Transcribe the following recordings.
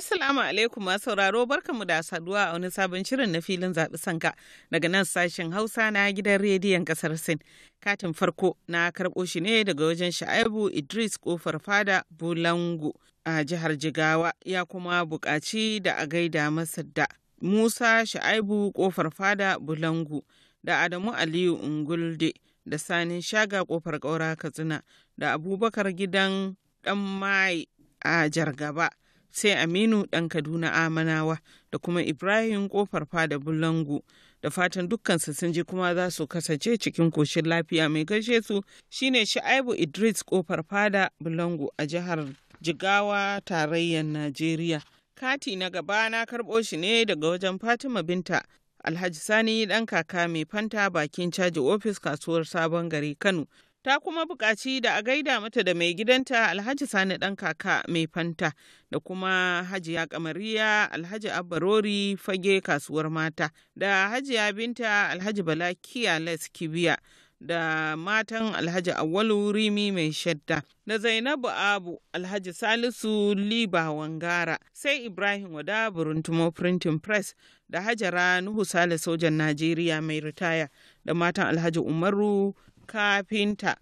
Assalamu alaikum masu sauraro mu da saduwa a wani sabon shirin na filin zaɓi sanka daga nan sashen Hausa na gidan rediyon ƙasar Sin. Katin farko na karɓo shi ne daga wajen Sha'abu Idris Kofar Fada Bulangu a jihar Jigawa ya kuma buƙaci da a gaida masa da Musa Sha'abu Kofar Fada Bulangu da Adamu Aliyu Ungulde da Sani Shaga Kofar Ƙaura Katsina da Abubakar Gidan Ɗan Mai a Jargaba. sai aminu ɗan kaduna amanawa da kuma ibrahim kofar fada bulangu da fatan dukkansu sun ji kuma za su kasance cikin koshin lafiya mai gaishe su shine sha'ibu idris kofar fada bulangu a jihar jigawa tarayyar najeriya kati na gaba na karɓo shi ne daga wajen fatima binta alhaji sani ɗan kaka mai fanta bakin caji ofis kasuwar sabon gari kano ta kuma buƙaci da a gaida mata da mai gidanta alhaji sani ɗan kaka mai fanta da kuma hajiya kamariya alhaji abbarori fage kasuwar mata da hajiya binta alhaji bala kiyales kibiya da matan alhaji awalu rimi mai shadda da zainabu abu alhaji salisu liba wangara sai ibrahim wada buruntumo printing press da hajara nuhu sale sojan najeriya mai ritaya da matan alhaji umaru kafinta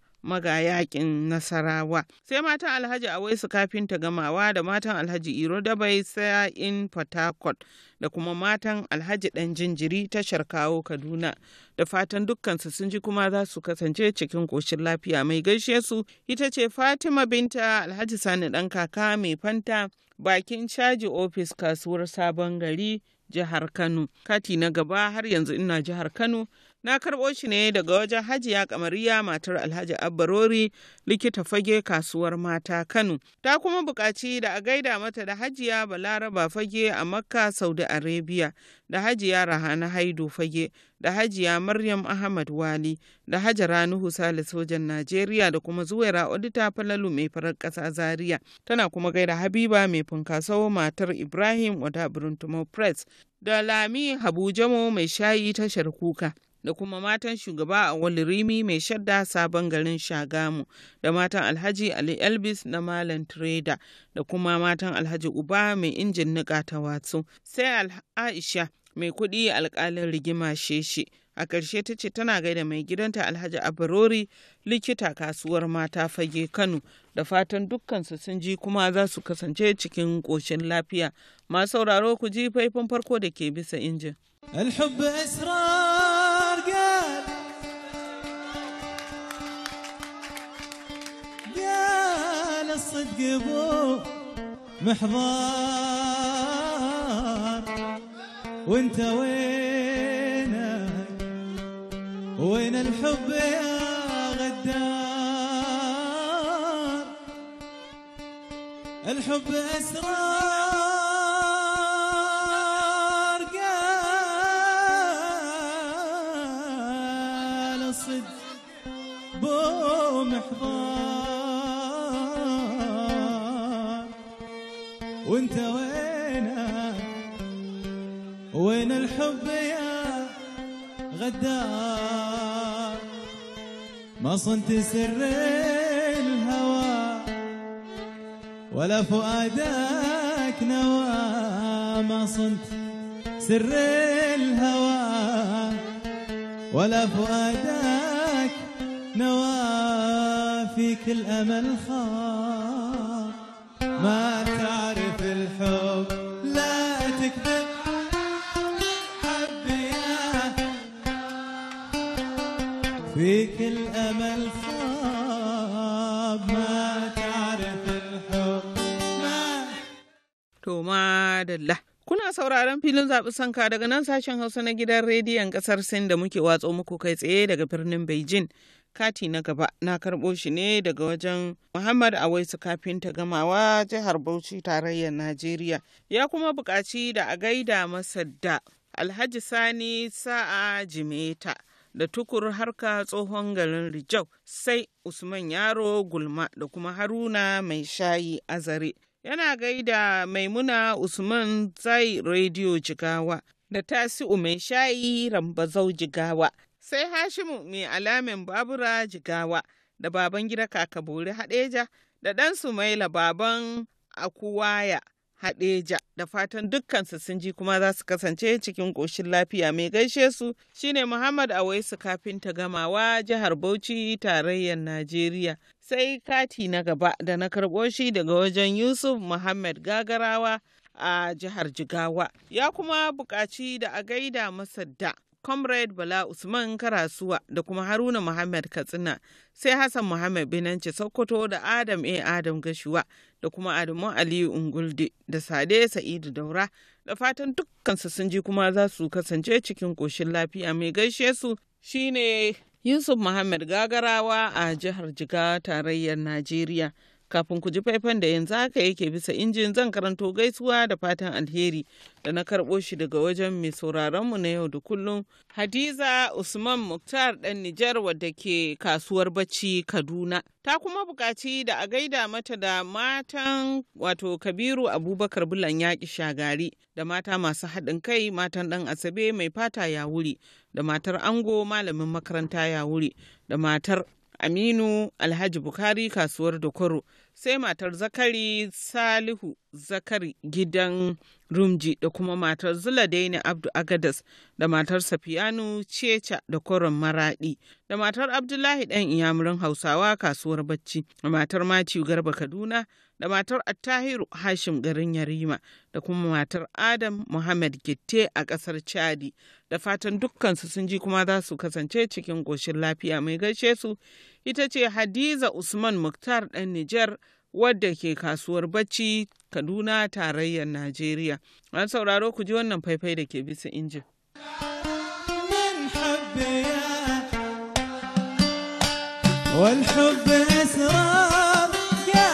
yakin nasarawa sai matan alhaji a awaisu kafinta gamawa da matan alhaji iro dabai sa'in fatakot da kuma matan alhaji dan jinjiri tashar kawo kaduna da fatan dukkansu sun ji kuma za su kasance cikin koshin lafiya mai gaishe su ita ce fatima binta alhaji sani dan kaka mai fanta bakin caji ofis kasuwar sabon gari jihar kano kati na gaba har yanzu ina jihar kano na karɓo shi ne daga wajen hajiya kamariya matar alhaji abbarori likita fage kasuwar mata kano ta kuma buƙaci da a gaida mata da hajiya balaraba fage a makka saudi arabia da hajiya rahana haidu fage da hajiya maryam ahmad wali da hajara nuhu Sale sojan najeriya da kuma zuwaira odita falalu mai farar ƙasa zaria tana kuma gaida habiba mai funkaso matar ibrahim wata press da lami habu jamo mai shayi tashar kuka da kuma matan shugaba a walirimi mai shadda sabon garin shagamu da matan alhaji ali elvis na malam trader da kuma matan alhaji uba mai injin nika ta watsu sai aisha mai kuɗi alkalin rigima sheshe a ƙarshe ta ce tana gaida mai gidanta alhaji abarori likita kasuwar mata fage kano da fatan dukkansu sun ji kuma za su kasance cikin ƙoshin lafiya masu sauraro ku ji faifin farko da ke bisa injin. صدق بو محضار وانت وينك وين الحب يا غدار الحب أسرار صنت سر الهوى ولا فؤادك نوى ما صنت سر الهوى ولا فؤادك نوى فيك الأمل خاب ما تعرف الحب لا تكذب فيك خاب ما تعرف الحب ما Kuna sauraron filin zaɓi sanka daga nan sashen Hausa na gidan rediyon ƙasar Sin da muke watsa muku kai tsaye daga birnin Beijing. Kati na gaba na karɓo shi ne daga wajen Muhammad Awaisu kafin ta gamawa jihar Bauchi tarayyar Najeriya. Ya kuma buƙaci da a gaida masa da Alhaji Sani Sa'a Jimeta. da tukur harka tsohon garin Rijau sai Usman Yaro Gulma da kuma Haruna mai shayi azare. Yana gaida Maimuna Usman Zai Radio Jigawa da Tasi'u mai shayi Rambazau Jigawa. Sai Hashimu mai alamin Babura Jigawa da baban gida Kakabori Hadeja da ɗan Sumaila baban Akuwaya Hadeja da fatan dukkansu sun ji kuma za su kasance cikin ƙoshin lafiya mai gaishe su shine Muhammad Awaisu kafin ta gamawa jihar Bauchi tarayyar Najeriya. Sai kati na gaba da na karɓo shi daga wajen Yusuf Muhammad Gagarawa a jihar Jigawa. Ya kuma buƙaci da a gaida masa da comrade bala usman karasuwa da kuma haruna muhammad katsina sai hassan muhammad binanci sokoto da adam a adam gashuwa da kuma adamu aliyu ungulde da sade sa'idu daura da fatan dukkansu sun ji kuma za su kasance cikin koshin lafiya mai gaishe su shine yusuf muhammad gagarawa a jihar jiga tarayyar najeriya Kafin ku ji faifan da yanzu haka yake bisa injin zan karanto gaisuwa da fatan alheri da na karɓo shi daga wajen mai sauraronmu na yau da kullum. Hadiza Usman Muktar ɗan Nijar wadda ke kasuwar bacci Kaduna. Ta kuma buƙaci da a gaida mata da matan wato Kabiru Abubakar Bulan yaƙi shagari da mata masu haɗin kai matan ɗan Asabe mai fata ya wuri da matar ango malamin makaranta ya wuri da matar aminu alhaji bukari kasuwar dokoro sai matar zakari salihu zakari gidan Rumji da kuma matar Zuladaini Abdu Agadas da matar Safiyanu Ceca da Koron Maradi da matar Abdullahi ɗan Iyamurin Hausawa kasuwar Bacci da matar Maciu Garba Kaduna da matar Attahiru Hashim garin Yarima da kuma matar Adam Muhammad Gitte a ƙasar Chadi da fatan dukkansu sun ji kuma za su kasance cikin goshin lafiya mai gaishe su ita ce Hadiza Usman Muktar ɗan Nijar wadda ke kasuwar bacci Kaduna tarayyar Najeriya. An sauraro ku ji wannan faifai da ke bisa injin. والحب يا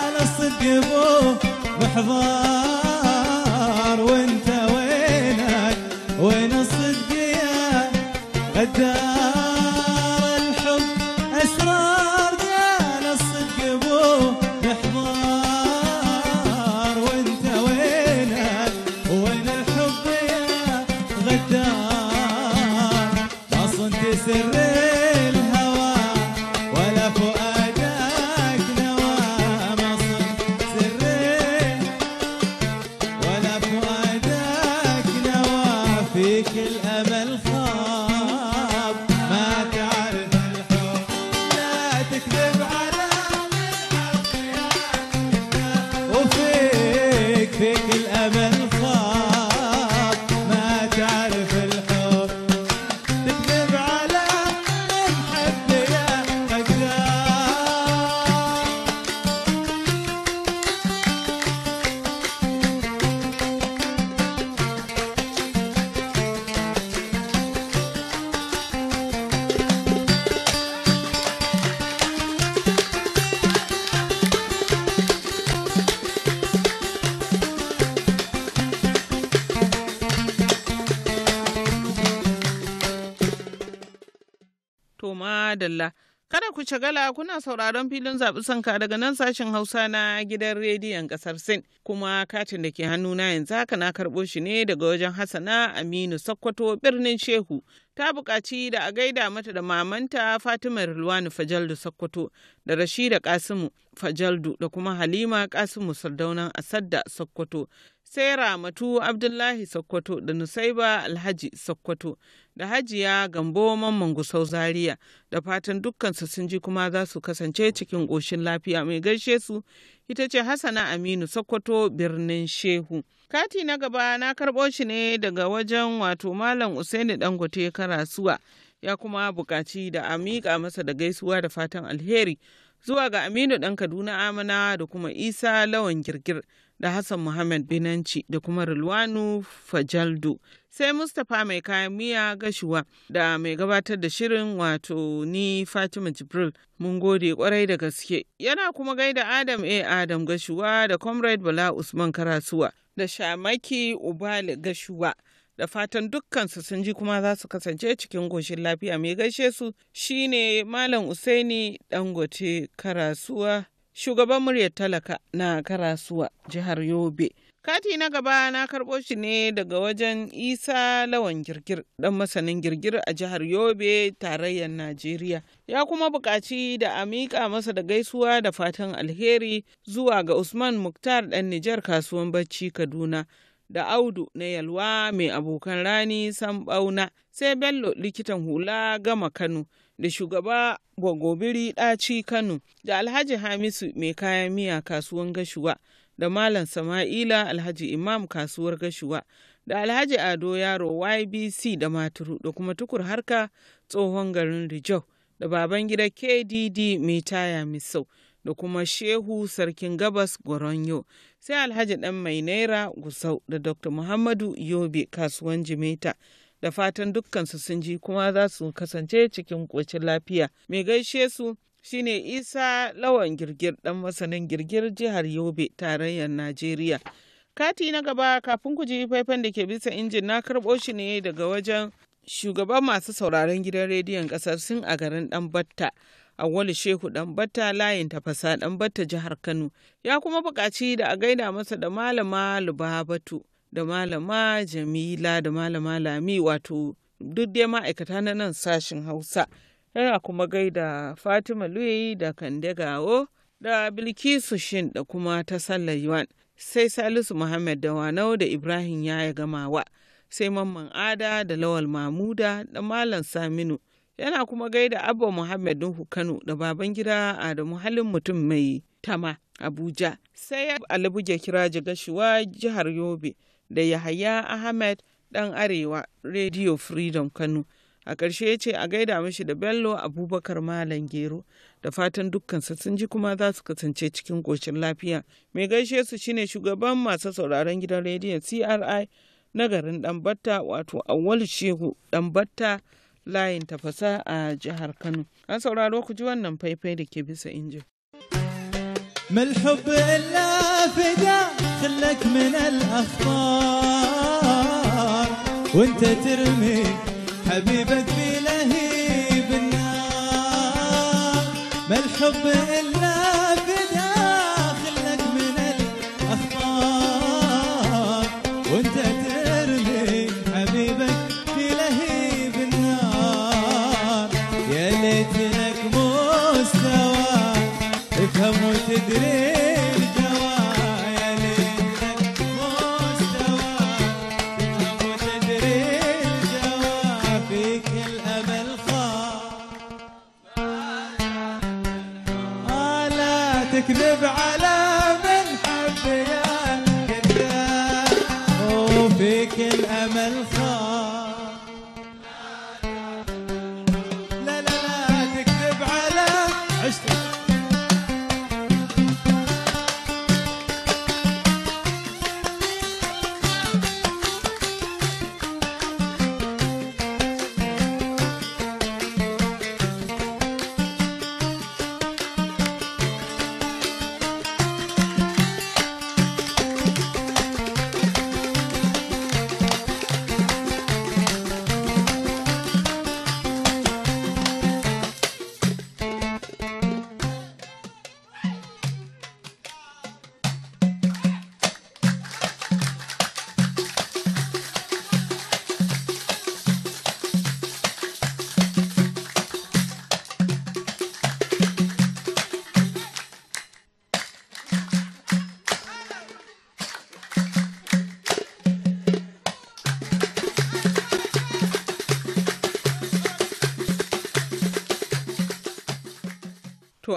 shagala kuna sauraron filin zaɓi sanka daga nan sashen Hausa na gidan rediyon ƙasar Sin. Kuma katin da ke hannu na yanzu haka na karɓo shi ne daga wajen hasana Aminu Sakkwato birnin Shehu. Ta buƙaci da a gaida mata da mamanta Fatima Rilwani Fajaldu Sakkwato da Rashida Kasimu Fajaldu da kuma Halima Kasimu Sardaunan Asadda Sakkwato sai ramatu abdullahi sokoto da nusaiba alhaji sokoto da hajiya gambo mamman gusau zaria da fatan dukkansu sun ji kuma za su kasance cikin ƙoshin lafiya mai gaishe su ita ce hassana aminu sokoto birnin shehu kati na gaba na karɓo shi ne daga wajen wato malam usaini dangote karasuwa ya kuma buƙaci da a miƙa masa da gaisuwa da fatan alheri zuwa ga aminu ɗan kaduna amana da kuma isa lawan girgir da Hassan Muhammad Binanci da kuma Rulwanu Fajaldo. Sai Mustapha mai kayan miya gashuwa da mai gabatar da shirin wato ni Fatima Jibril. Mun gode kwarai da gaske. Yana kuma gaida Adam A. Adam gashuwa da Comrade Bala Usman Karasuwa da Shamaki Ubali gashuwa. Da fatan dukkansu sun ji kuma za su kasance cikin goshin lafiya mai gaishe su shine Malam Usaini Dangote Karasuwa shugaban muryar talaka na karasuwa jihar yobe kati na gaba na karɓo shi ne daga wajen isa lawan girgir ɗan masanin girgir a jihar yobe tarayyar najeriya ya kuma buƙaci da a miƙa masa da gaisuwa da fatan alheri zuwa ga usman muktar ɗan nijar kasuwan bacci kaduna da audu na yalwa mai abokan rani sambauna sai bello likitan hula gama kano da shugaba Bagobiri Ɗaci Kano da Alhaji Hamisu mai kayan miya kasuwan gashuwa da Malam Sama'ila Alhaji Imam kasuwar gashuwa da Alhaji Ado Yaro YBC da Maturu da kuma tukur harka tsohon garin Rijau da baban gida KDD mai taya misau da kuma Shehu Sarkin Gabas Goronyo sai Alhaji Dan Mai Naira Gusau da Dr. Muhammadu Yobe kasuwan Jimeta. da fatan dukkansu sun ji kuma za su kasance cikin ƙocin lafiya. Mai gaishe su shine Isa Lawan Girgir ɗan masanin girgir jihar Yobe tarayyar Najeriya. Kati na gaba kafin ku ji faifan da ke bisa injin na karɓo shi ne daga wajen shugaban masu sauraron gidan rediyon ƙasar sun a garin ɗan batta. Awali Shehu batta layin tafasa batta jihar Kano ya kuma buƙaci da a gaida masa da malama Lubabatu da malama jamila da malama lami wato duk dai ma'aikata na nan sashin hausa yana kuma gaida fatima luyi da kande gawo da bilkisu shin da kuma ta Sallar sallayuwan sai salisu muhammad da wanau da ibrahim ya yi gamawa sai mamman ada da lawal mamuda da malam saminu yana kuma gaida abba muhammad nuhu kano da baban gida adamu halin mutum mai tama abuja sai alibuja kira gashuwa jihar yobe da Yahaya Ahmed ɗan Arewa Radio Freedom Kano. A ƙarshe ya ce a gaida mashi da Bello Abubakar Malam Gero da fatan dukkansa sun ji kuma za su kasance cikin ƙoshin lafiya. Mai gaishe su shine shugaban masu sauraron gidan rediyon CRI na garin ɗanbata wato Awal Shehu batta layin tafasa a jihar Kano. An sauraro ku ji wannan faifai da ke bisa injin. من الحب إلا فدا خلك من الأخطار وانت ترمي حبيبك بلهيب النار من الحب إلا فيك الأمل خالص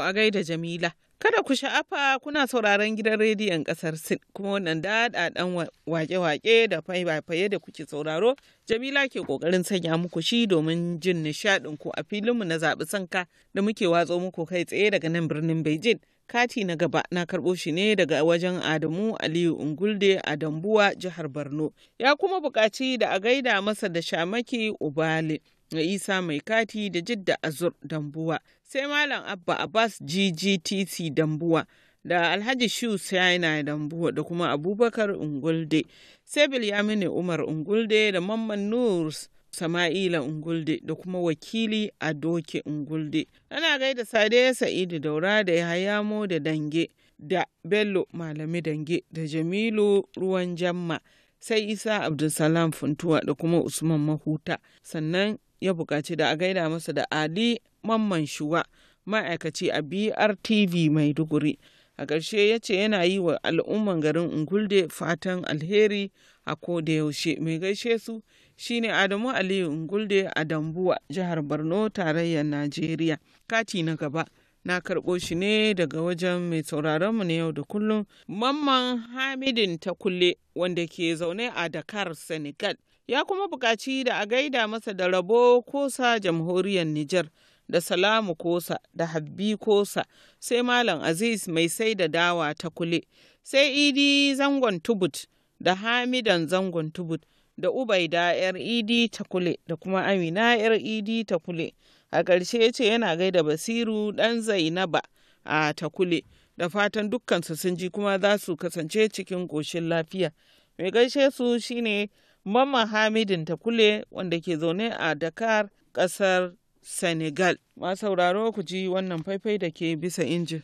a gaida Jamila. Kada ku sha'afa kuna sauraron gidan rediyon kasar Sin kuma wannan daɗaɗan wake-wake da faifaye da kuke sauraro Jamila ke ƙoƙarin sanya muku shi domin jin nishaɗin ku a filinmu na zaɓi sanka da muke watso muku kai tsaye daga nan birnin Beijing. Kati na gaba na karɓo shi ne daga wajen Adamu Aliyu Ungulde a Dambuwa jihar Borno. Ya kuma buƙaci da a gaida masa da Shamaki Ubale. na isa mai kati da jidda azur dambuwa sai malam abba abbas ggtc dambuwa da alhaji shu china dambuwa da kuma abubakar ungulde sai bilyamini umar ungulde da mamman nurs sama'ila ungulde da kuma wakili a doke ungulde ana gaida sade sa'idu daura da yahayamo da dange da bello malami dange da jamilu ruwan jamma sai isa abdulsalam funtuwa da kuma usman mahuta sannan ya buƙaci da a gaida masa da Ali Mamman Shuwa ma'aikaci a BRTV Maiduguri. A ƙarshe ya ce yana yi wa al'umman garin Ungulde fatan alheri a ko da yaushe. Mai gaishe su shine Adamu Aliyu Ungulde a Dambuwa, jihar Borno, tarayyar Najeriya. Kati na gaba. na karɓo shi ne daga wajen mai sauraronmu na yau da kullum mamman hamidin ta kulle wanda ke zaune a dakar senegal ya kuma buƙaci da a gaida masa da rabo kosa jamhuriyar Nijar da salamu kosa da habbi kosa sai malam aziz mai sai da dawa ta kule sai idi zangon tubut da hamidan zangon tubut da ubaida yar idi ta kule da kuma amina yar idi ta kule a ƙarshe ce yana gaida basiru ɗan zainaba a ta kule da fatan dukkansu sun ji kuma za su kasance cikin ƙoshin lafiya mai gaishe su shine Mama Hamidin Takule wanda ke zaune a Dakar, ƙasar Senegal. Ma sauraro ku ji wannan faifai da ke bisa injin.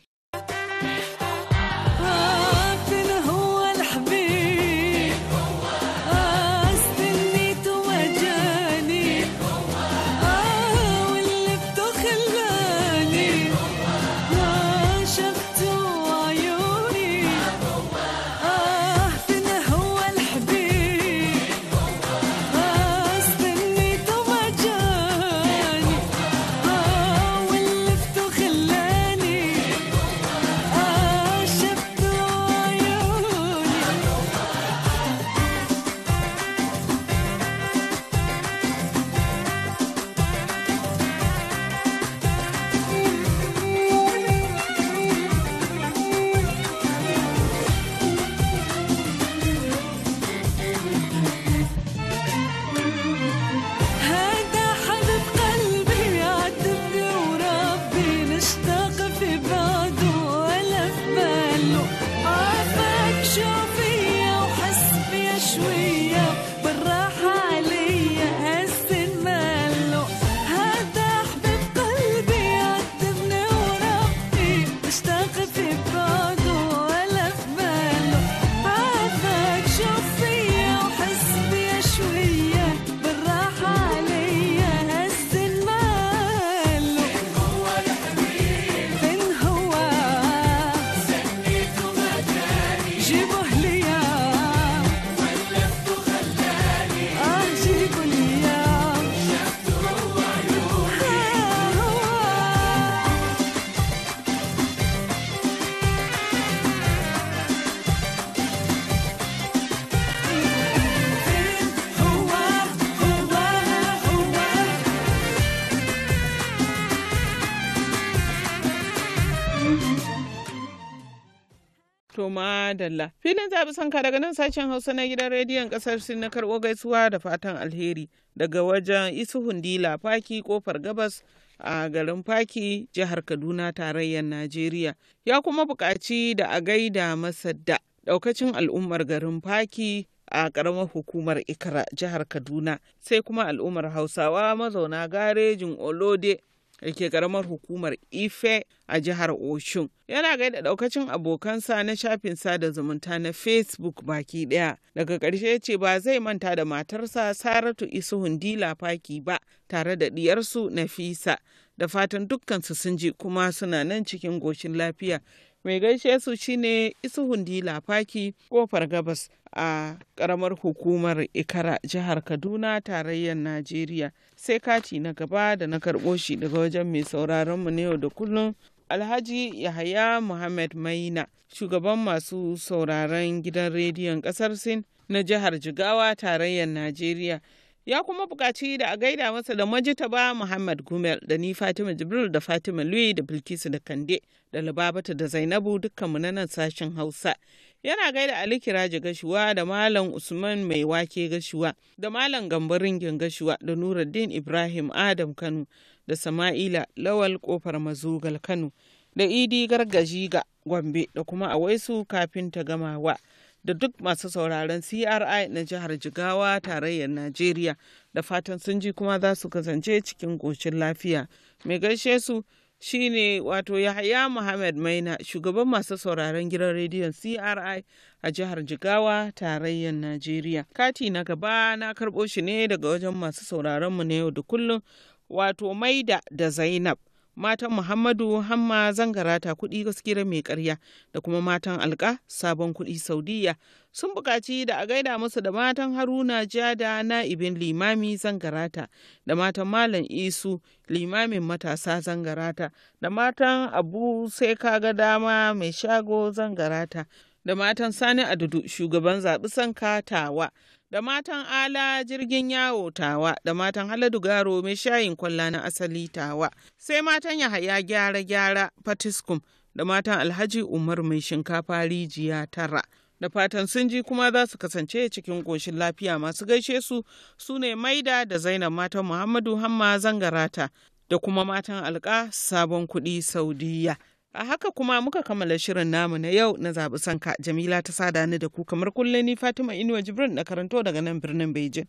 To madalla. Filin zaɓi sanka daga nan sashen Hausa na gidan rediyon ƙasar Sin na karɓo gaisuwa da fatan alheri daga wajen Isu Hundila Faki kofar gabas a garin Faki jihar Kaduna tarayyar Najeriya. Ya kuma buƙaci da a gaida masa da ɗaukacin al'ummar garin Faki a ƙaramar hukumar Ikra jihar Kaduna sai kuma al'ummar Hausawa mazauna garejin Olode da ke karamar hukumar ife a jihar oshun yana gaida daukacin abokansa na shafin sada zumunta na facebook baki daya daga ƙarshe ya ce ba zai manta da matarsa saratu isuhun hundi lafaki ba tare da diyarsu nafisa da fatan dukkansu sun ji kuma suna nan cikin goshin lafiya Mai gaishe su shine isu hundi Faki kofar gabas a karamar hukumar Ikara jihar Kaduna tarayyar Najeriya. Sai kati na gaba da na karɓo shi daga wajen mai sauraron mu na yau da kullum Alhaji Yahaya Muhammad Maina, shugaban masu sauraron gidan rediyon ƙasar Sin na jihar Jigawa tarayyar Najeriya. ya kuma buƙaci da a gaida masa da majitaba muhammad gumel da ni fatima jibril da fatima lui da bilkisu da kande da lababata da zainabu dukkanmu na nan sashen hausa yana gaida ali kiraji gashuwa da malam usman mai wake gashuwa da malam gambar ringin gashuwa da nuruddin ibrahim adam kano da sama'ila lawal kofar mazugal kano da idi gargajiga gombe da kuma waisu kafin ta gamawa. da duk masu sauraron CRI na jihar Jigawa tarayyar Najeriya da fatan sun ji kuma za su kasance cikin goshin lafiya. Mai gaishe su shine wato Yahaya Muhammad Maina shugaban masu sauraron gidan rediyon CRI a jihar Jigawa tarayyar Najeriya. Kati na gaba na karɓo shi ne daga wajen masu sauraron mu na yau da kullum wato Maida da Zainab. matan muhammadu hamma zangarata kuɗi gaskira mai ƙarya da kuma matan alka sabon kuɗi saudiya sun buƙaci da a gaida musu da matan haruna jada na'ibin limami zangarata da matan malam isu limamin matasa zangarata da matan abu sai kaga dama mai shago zangarata da matan sani adudu shugaban zaɓi sanka tawa da matan ala jirgin yawo tawa da matan haladu garo mai shayin kwalla na asali tawa sai matan yahaya gyara gyara fatiskum da matan alhaji umar mai shinkafa rijiya tara da fatan sun ji kuma za su kasance cikin ƙoshin lafiya masu gaishe su su ne maida da zainab matan muhammadu hamma zangarata da kuma matan Alƙa sabon kuɗi Saudiyya. A haka kuma muka kammala shirin namu na yau na zaɓi sanka Jamila ta sada ni da ku kamar kullum ni Fatima Inuwa Jibrin na karanto daga nan birnin beijing.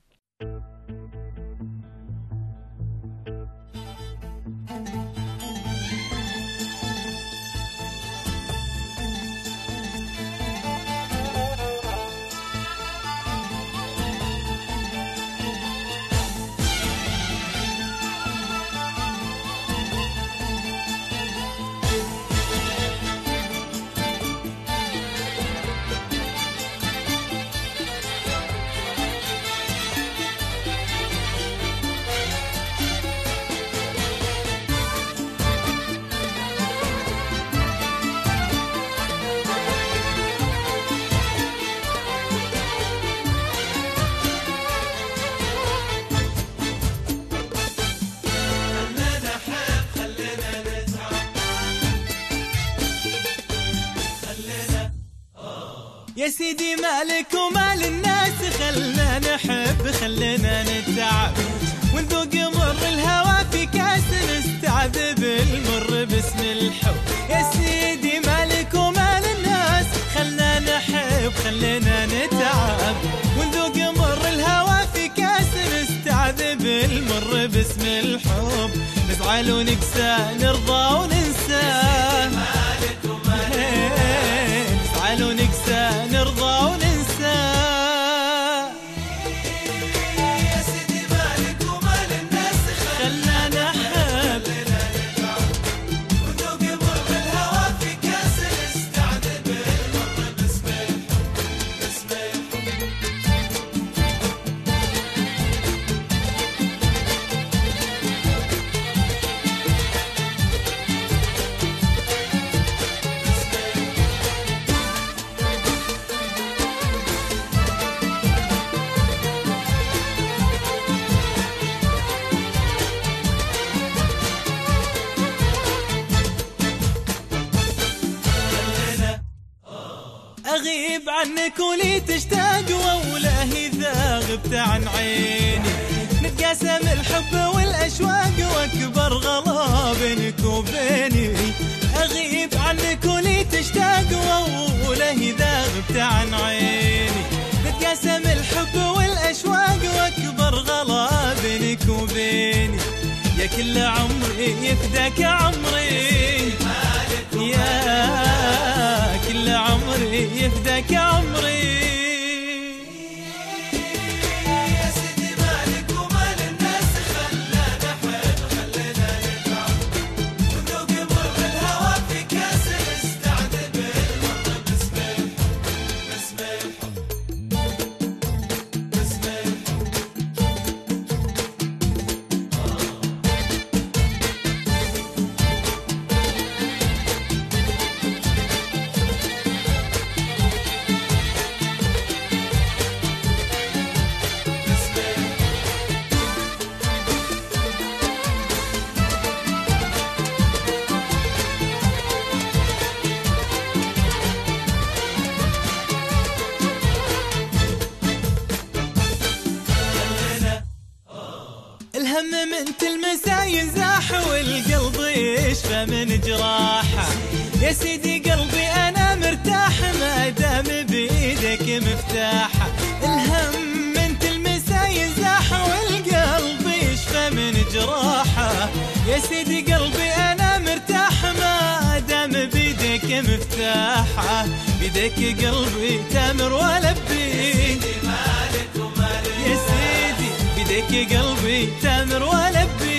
مالك ومال الناس خلنا نحب خلنا نتعب ونذوق مر الهوى في كاس نستعذب المر باسم الحب يا سيدي مالك ومال الناس خلنا نحب خلنا نتعب ونذوق مر الهوى في كاس نستعذب المر باسم الحب نزعل ونكسى نرضى كل عمري يفداك عمري يا كل عمري يفداك عمري لما من تلمس يزاح والقلب يشفى من جراحه يا سيدي قلبي انا مرتاح ما دام بايدك مفتاحه الهم من تلمس يزاح والقلب يشفى من جراحه يا سيدي قلبي انا مرتاح ما دام بيدك مفتاحه بيدك قلبي تامر والبيه بيدك قلبي تامر والبي